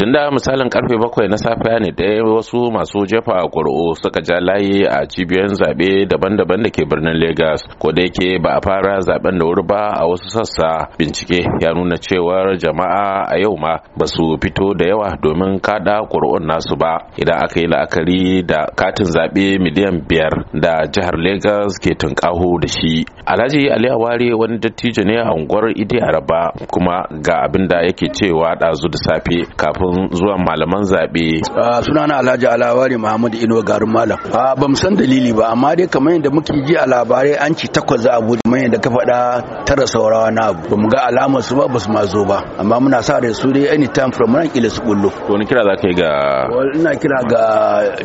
tun da misalin karfe bakwai na safiya ne ɗaya wasu masu jefa ƙuri'u suka ja layi a cibiyoyin zaɓe daban-daban da ke birnin Legas, ko da yake ba a fara zaɓen da wuri ba a wasu sassa bincike ya nuna cewar jama'a a yau ma ba su fito da yawa domin kada ƙuri'un nasu ba idan aka yi la'akari da katin zaɓe miliyan biyar da jihar Legas ke tunƙaho da shi alhaji ali aware wani dattijo ne a unguwar idi araba kuma ga abin da yake cewa ɗazu da safe kafin don zuwan malaman zaɓe. Ah, sunana alhaji alawari muhammadu ino garin malam ah, ba mu san dalili ba amma dai kamar yadda muke ji a labarai an ci takwas za a bude kamar yadda ka faɗa tara saurawa na abu ba mu ga alamar su ba ba su ma zo ba amma muna sa da su dai anytime from nan kila su kullu to ni kira za ka ga ina kira ga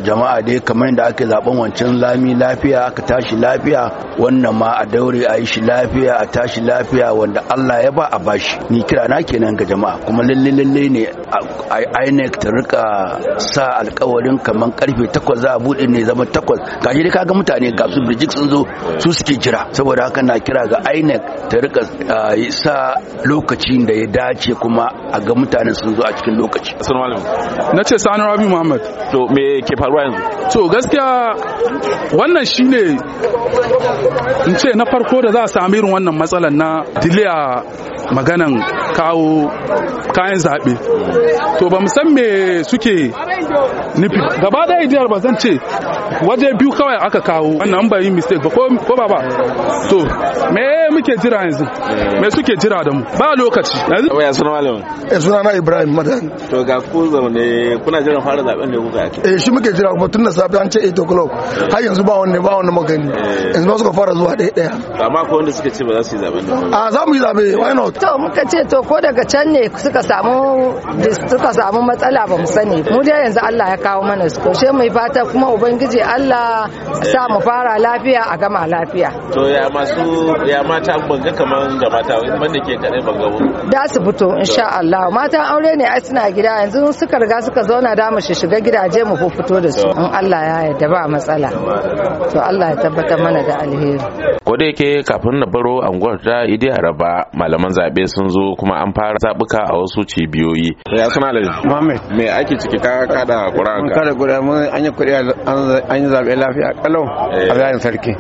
jama'a dai kamar yadda ake zaben wancan lami lafiya aka tashi lafiya wannan ma a daure a yi shi lafiya a tashi lafiya wanda Allah ya ba a bashi ni kira na kenan ga jama'a kuma lalle lalle ne INEC ta rika sa alkawarin kamar karfe takwas za a buɗe ne zama takwas kaji dai kaga mutane ga su birjik sun zo su suke jira saboda haka na kira ga INEC ta rika sa lokacin da ya dace kuma a ga mutane sun zo a cikin lokaci na ce sani rabi muhammad to me ke faruwa yanzu to gaskiya wannan shine in ce na farko da za a sami irin wannan matsalar na diliya maganan kawo kayan zaɓe to ba san me suke nufi gaba ɗaya jihar ba zan ce waje biyu kawai aka kawo wannan an bayi mistake ba ko ba ba to me muke jira yanzu me suke jira da mu ba lokaci yanzu waya suna malamin eh suna na Ibrahim Madan to ga ku zaune kuna jiran fara zaben ne kuka ake eh shi muke jira kuma tun da safe an ce 8 o'clock har yanzu ba wanne ba wanne magani eh. yanzu ba suka fara zuwa ɗaya ɗaya amma ko wanda suka ce ba za su yi zaben a ah, za mu yi zabe why not to muka ce to ko daga can ne suka samu suka samu matsala ba mu sani mu dai yanzu Allah ya kawo mana su ko sai mai fata kuma ubangiji ce Allah sa mu fara lafiya a gama lafiya to ya masu ya mata ban ga kaman da mata ban da ke kadai ban ga da su fito insha Allah matan aure ne ai suna gida yanzu suka riga suka zauna da mu shiga gidaje mu fito da su in Allah ya yarda ba matsala to Allah ya tabbatar mana da alheri ko da yake kafin na baro anguwar ta idi araba malaman zabe sun zo kuma an fara zabuka a wasu cibiyoyi ya suna da Muhammad me ake ciki ka kada kura ka kada kura mun an yi an an yi zaɓe lafiya ƙalau eh. a zayin sarki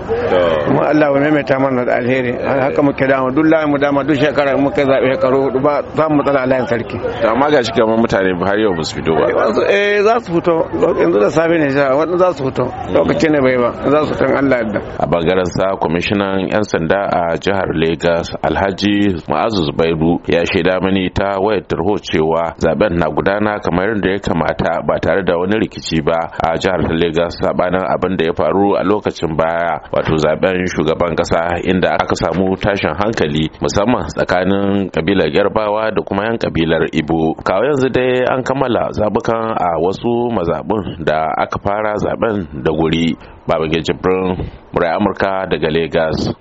kuma Allah ya maimaita mana da alheri haka muke dama duk layin mu dama duk shekara mu kai zaɓe shekaru hudu ba za mu matsala a layin sarki to amma ga shi kamar mutane har yau ba su fito ba eh za su fito yanzu da safe ne sha wanda za su fito lokaci ne bai ba za su fito Allah yadda a bangaren sa kwamishinan yan sanda a jihar Lagos Alhaji Ma'azu Zubairu ya shaida mani ta wayar tarho cewa zaben na gudana kamar yadda ya kamata ba tare da wani rikici ba a jihar Lagos sabanin abin da ya faru a lokacin baya wato zaben shugaban kasa inda aka samu tashin hankali musamman tsakanin kabilar yarbawa da kuma yan kabilar ibo kawo yanzu dai an kammala zabukan a wasu mazabun da aka fara zaben da guri babangida jibrin murai amurka daga Legas.